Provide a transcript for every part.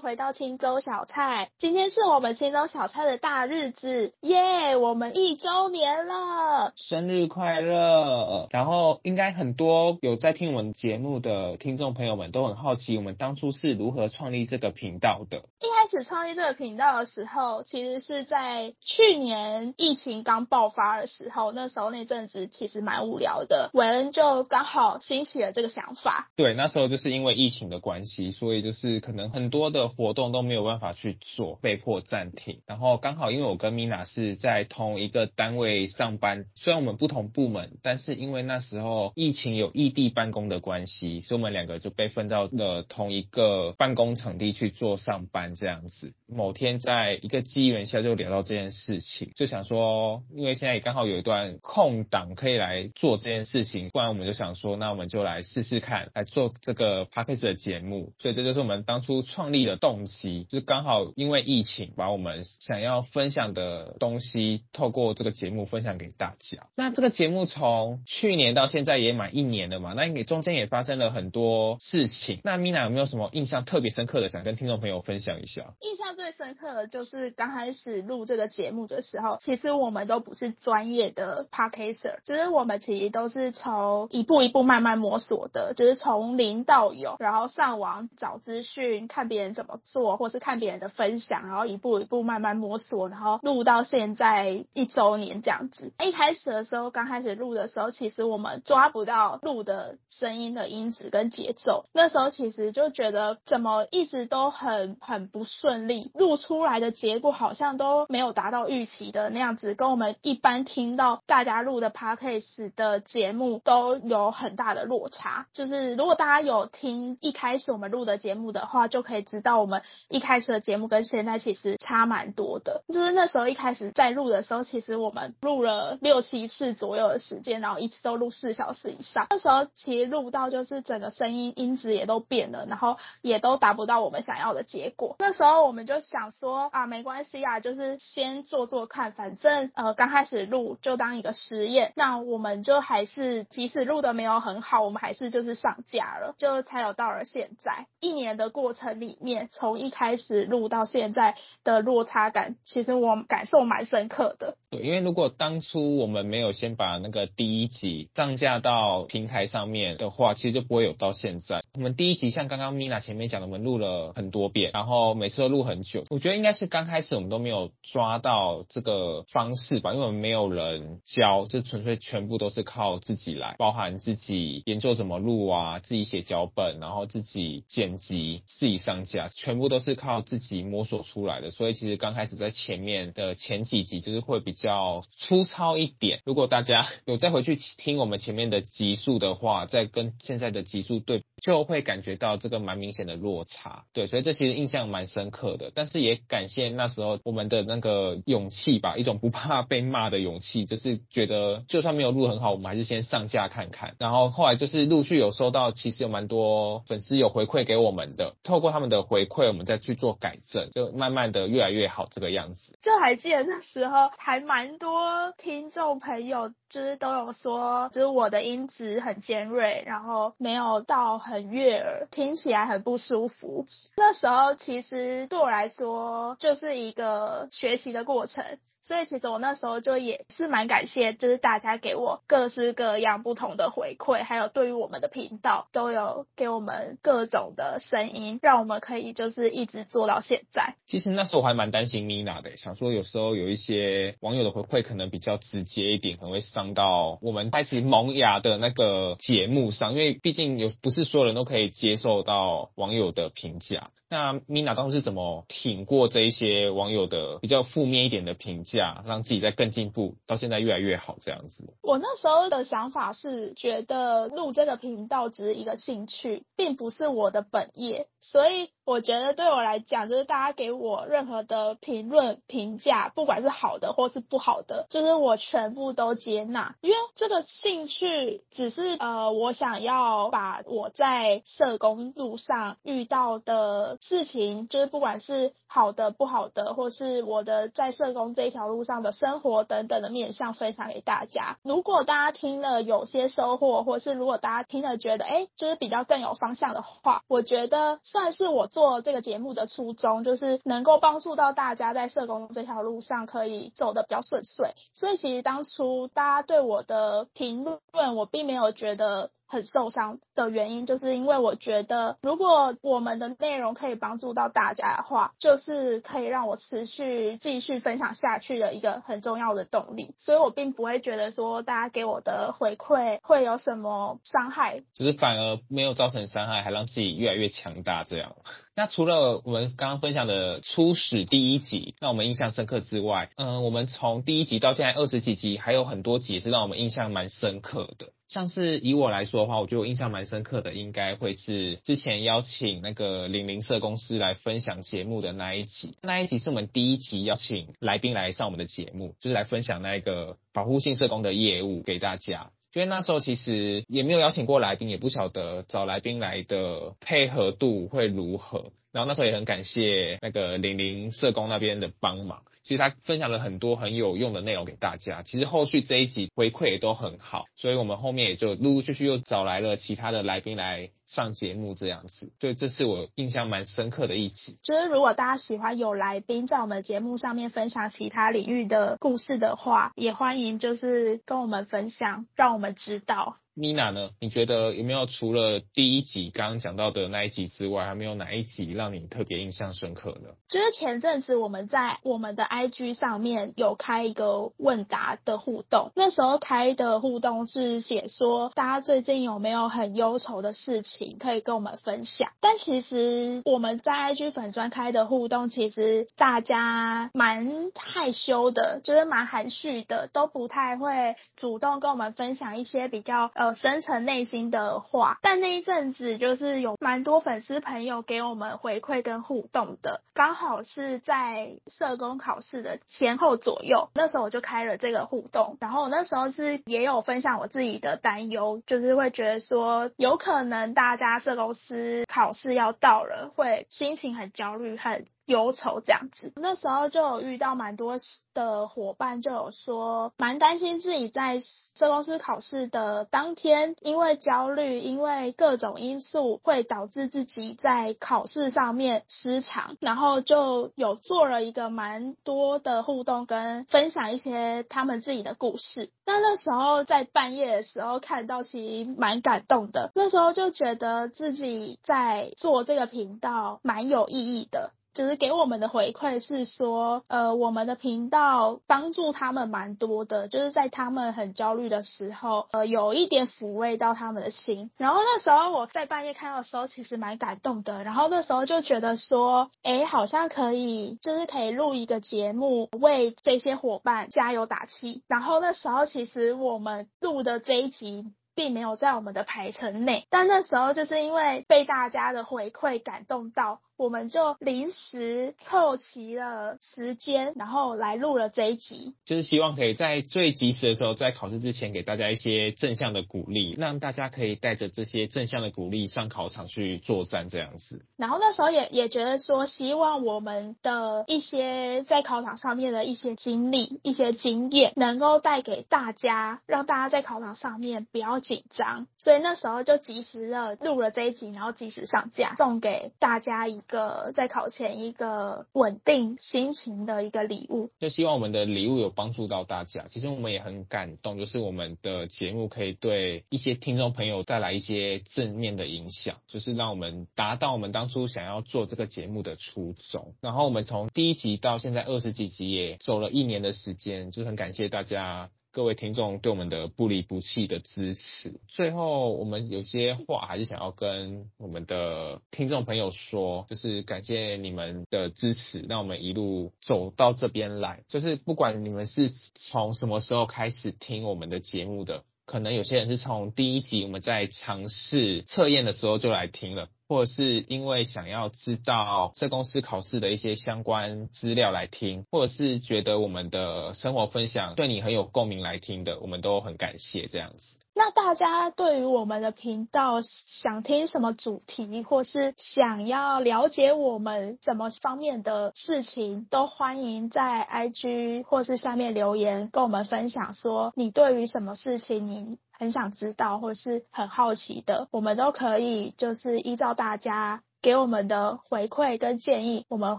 回到清粥小菜，今天是我們清粥小菜的大日子，耶、yeah！我們一周年了，生日快樂！然後應該很多有在聽我們節目的聽眾朋友們都很好奇，我們當初是如何創立這個頻道的。Yeah! 開始創立這個頻道的時候，其實是在去年疫情剛爆發的時候。那時候那陣子其實蠻無聊的，偉恩就剛好興起了這個想法。對，那時候就是因為疫情的關係，所以就是可能很多的活動都沒有辦法去做，被迫暫停。然後剛好因為我跟米娜是在同一個單位上班，雖然我們不同部門，但是因為那時候疫情有異地辦公的關係，所以我們兩個就被分到了同一個辦公場地去做上班，這樣。子某天在一個機緣下就聊到這件事情，就想說，因為現在也剛好有一段空檔可以來做這件事情，不然我們就想說，那我們就來試試看，來做這個 podcast 的節目。所以這就是我們當初創立的動機，就剛好因為疫情，把我們想要分享的東西，透過這個節目分享給大家。那這個節目從去年到現在也滿一年了嘛，那中間也發生了很多事情。那 Mina 有沒有什麼印象特別深刻的，想跟聽眾朋友分享一下？印象最深刻的就是剛開始錄這個節目的時候，其實我們都不是專業的 Podcaster，就是我們其實都是從一步一步慢慢摸索的，就是從零到有，然後上網找資訊，看別人怎麼做，或是看別人的分享，然後一步一步慢慢摸索，然後錄到現在一周年這樣子。一開始的時候，剛開始錄的時候，其實我們抓不到錄的聲音的音質跟節奏，那時候其實就覺得怎麼一直都很很不順利錄出來的結果好像都沒有達到預期的那樣子，跟我們一般聽到大家錄的 Podcast 的節目都有很大的落差。就是如果大家有聽一開始我們錄的節目的話，就可以知道我們一開始的節目跟現在其實差蠻多的。就是那時候一開始在錄的時候，其實我們錄了六七次左右的時間，然後一次都錄四小時以上。那時候其實錄到就是整個聲音音質也都變了，然後也都達不到我們想要的結果。那所以，so, 我們就想說啊，沒關係啊，就是先做做看，反正呃剛開始錄就當一個實驗。那我們就還是即使錄的沒有很好，我們還是就是上架了，就才有到了現在一年的過程裡面，從一開始錄到現在的落差感，其實我感受蠻深刻的。對，因為如果當初我們沒有先把那個第一集上架到平台上面的話，其實就不會有到現在。我們第一集像剛剛米娜前面講的，我們錄了很多遍，然後每收錄很久，我覺得應該是剛開始我們都沒有抓到這個方式吧，因為我們沒有人教，就純粹全部都是靠自己來，包含自己研究怎麼錄啊，自己寫腳本，然後自己剪輯，自己上架，全部都是靠自己摸索出來的。所以其實剛開始在前面的前幾集就是會比較粗糙一點。如果大家有再回去聽我們前面的集數的話，再跟現在的集數對比，就會感覺到這個蠻明顯的落差。對，所以這其實印象蠻深。深刻的，但是也感謝那時候我們的那個勇氣吧，一種不怕被罵的勇氣，就是覺得就算沒有錄很好，我們還是先上架看看。然後後來就是陸續有收到，其實有蠻多粉絲有回饋給我們的，透過他們的回饋，我們再去做改正，就慢慢的越來越好這個樣子。就還記得那時候還蠻多聽眾朋友就是都有說，就是我的音質很尖銳，然後沒有到很悅耳，聽起來很不舒服。那時候其實。其實對我來說，就是一個學習的過程。所以其實我那時候就也是蠻感謝，就是大家給我各式各樣不同的回饋，還有對於我們的頻道都有給我們各種的聲音，讓我們可以就是一直做到現在。其實那時候我還蠻擔心 Mina 的欸，想說有時候有一些網友的回饋可能比較直接一點，可能會傷到我們開始萌芽的那個節目上，因為畢竟有不是所有人都可以接受到網友的評價。那 Mina 當時是怎麼挺過這一些網友的比較負面一點的評價？下讓自己再更進步，到現在越來越好這樣子。我那時候的想法是覺得錄這個頻道只是一個興趣，並不是我的本業，所以我覺得對我來講，就是大家給我任何的評論評價，不管是好的或是不好的，就是我全部都接納，因為這個興趣只是呃，我想要把我在社工路上遇到的事情，就是不管是好的不好的，或是我的在社工這一條。條路上的生活等等的面向分享給大家。如果大家聽了有些收穫，或是如果大家聽了覺得誒、欸,就是比較更有方向的話，我覺得算是我做這個節目的初衷，就是能夠幫助到大家在社工這條路上可以走得比較順遂。所以其實當初大家對我的評論，我並沒有覺得。很受傷的原因，就是因為我覺得，如果我們的內容可以幫助到大家的話，就是可以讓我持續繼續分享下去的一個很重要的動力。所以我並不會覺得說大家給我的回饋會有什麼傷害，就是反而沒有造成傷害，還讓自己越來越強大這樣。那除了我們剛剛分享的初始第一集讓我們印象深刻之外，嗯，我們從第一集到現在二十幾集，還有很多集是讓我們印象蠻深刻的。像是以我來說的話，我覺得我印象蠻深刻的，應該會是之前邀請那個零零社公司來分享節目的那一集。那一集是我們第一集邀請來賓來上我們的節目，就是來分享那個保護性社工的業務給大家。因為那時候其實也沒有邀請過來賓，也不曉得找來賓來的配合度會如何。然後那時候也很感謝那個玲玲社工那邊的幫忙，其實他分享了很多很有用的內容給大家。其實後續這一集回饋也都很好，所以我們後面也就陸陸續續又找來了其他的來賓來，上節目這樣子，對，這是我印象蠻深刻的一集。就是如果大家喜歡有來賓在我們節目上面分享其他領域的故事的話，也歡迎就是跟我們分享，讓我們知道。米娜呢？你覺得有沒有除了第一集剛剛講到的那一集之外，還沒有哪一集讓你特別印象深刻呢？就是前陣子我們在我們的 IG 上面有開一個問答的互動，那時候開的互動是寫說大家最近有沒有很憂愁的事情。可以跟我們分享，但其實我們在 IG 粉專開的互動，其實大家蠻害羞的，就是蠻含蓄的，都不太會主動跟我們分享一些比較呃深沉內心的話。但那一陣子就是有蠻多粉絲朋友給我們回饋跟互動的，剛好是在社工考試的前後左右，那時候我就開了這個互動，然後那時候是也有分享我自己的擔憂，就是會覺得說有可能大。大家社工師考試要到了，會心情很焦慮，很。憂愁這樣子，那時候就有遇到蠻多的夥伴，就有說蠻擔心自己在社工師考試的當天，因為焦慮，因為各種因素會導致自己在考試上面失常，然後就有做了一個蠻多的互動跟分享一些他們自己的故事。那那時候在半夜的時候看到，其實蠻感動的。那時候就覺得自己在做這個頻道蠻有意義的。就是給我們的回饋是說，呃，我們的頻道幫助他們蠻多的，就是在他們很焦慮的時候，呃，有一點撫慰到他們的心。然後那時候我在半夜看到的時候，其實蠻感動的。然後那時候就覺得說，欸，好像可以，就是可以錄一個節目為這些夥伴加油打氣。然後那時候其實我們錄的這一集並沒有在我們的排程內，但那時候就是因為被大家的回饋感動到。我們就臨時湊齊了時間，然後來錄了這一集，就是希望可以在最及時的時候，在考試之前給大家一些正向的鼓勵，讓大家可以帶着這些正向的鼓勵上考場去作戰這樣子。然後那時候也也覺得說，希望我們的一些在考場上面的一些經歷、一些經驗，能夠帶給大家，讓大家在考場上面不要緊張。所以那時候就及時的錄了這一集，然後及時上架送給大家一。一個在考前一個穩定心情的一個禮物，就希望我們的禮物有幫助到大家。其實我們也很感動，就是我們的節目可以對一些聽眾朋友帶來一些正面的影響，就是讓我們達到我們當初想要做這個節目的初衷。然後我們從第一集到現在二十幾集也走了一年的時間，就很感謝大家。各位聽眾對我們的不離不棄的支持，最後我們有些話還是想要跟我們的聽眾朋友說，就是感謝你們的支持，讓我們一路走到這邊來。就是不管你們是從什麼時候開始聽我們的節目的，可能有些人是從第一集我們在嘗試測驗的時候就來聽了。或者是因為想要知道這公司考試的一些相關資料來聽，或者是覺得我們的生活分享對你很有共鳴來聽的，我們都很感謝這樣子。那大家對於我們的頻道想聽什麼主題，或是想要了解我們什麼方面的事情，都歡迎在 IG 或是下面留言跟我們分享，說你對於什麼事情你很想知道，或是很好奇的，我們都可以就是依照大家，給我們的回饋跟建議，我們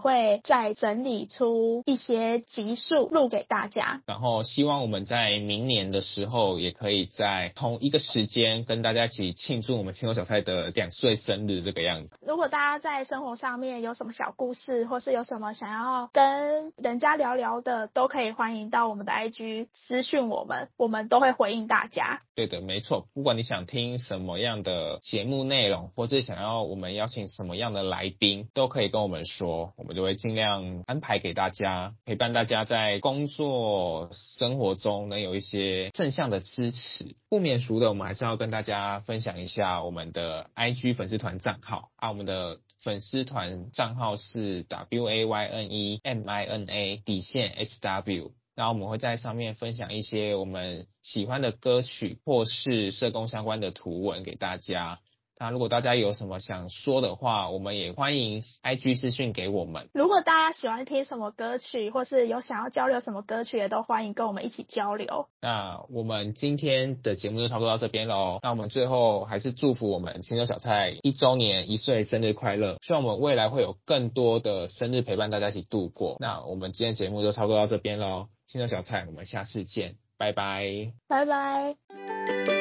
會再整理出一些集數錄給大家。然後希望我們在明年的時候，也可以在同一個時間跟大家一起慶祝我們清粥小菜的兩歲生日這個樣子。如果大家在生活上面有什麼小故事，或是有什麼想要跟人家聊聊的，都可以歡迎到我們的 IG 私訊我們，我們都會回應大家。對的，沒錯，不管你想聽什麼樣的節目內容，或是想要我們邀請什麼，什麼樣的來賓都可以跟我們說，我們就會盡量安排給大家，陪伴大家在工作生活中能有一些正向的支持。不免俗的，我們還是要跟大家分享一下我們的 IG 粉絲團賬號啊，我們的粉絲團賬號是 WAYNEMINA 底線 SW，那我們會在上面分享一些我們喜歡的歌曲或是社工相關的圖文給大家。那、啊、如果大家有什麼想說的話，我們也歡迎 IG 私訊給我們。如果大家喜歡聽什麼歌曲，或是有想要交流什麼歌曲，也都歡迎跟我們一起交流。那我們今天的節目就差不多到這邊嘍。那我們最後還是祝福我們清粥小菜一周年一歲生日快樂，希望我們未來會有更多的生日陪伴大家一起度過。那我們今天節目就差不多到這邊嘍，清粥小菜，我們下次見，拜拜，拜拜。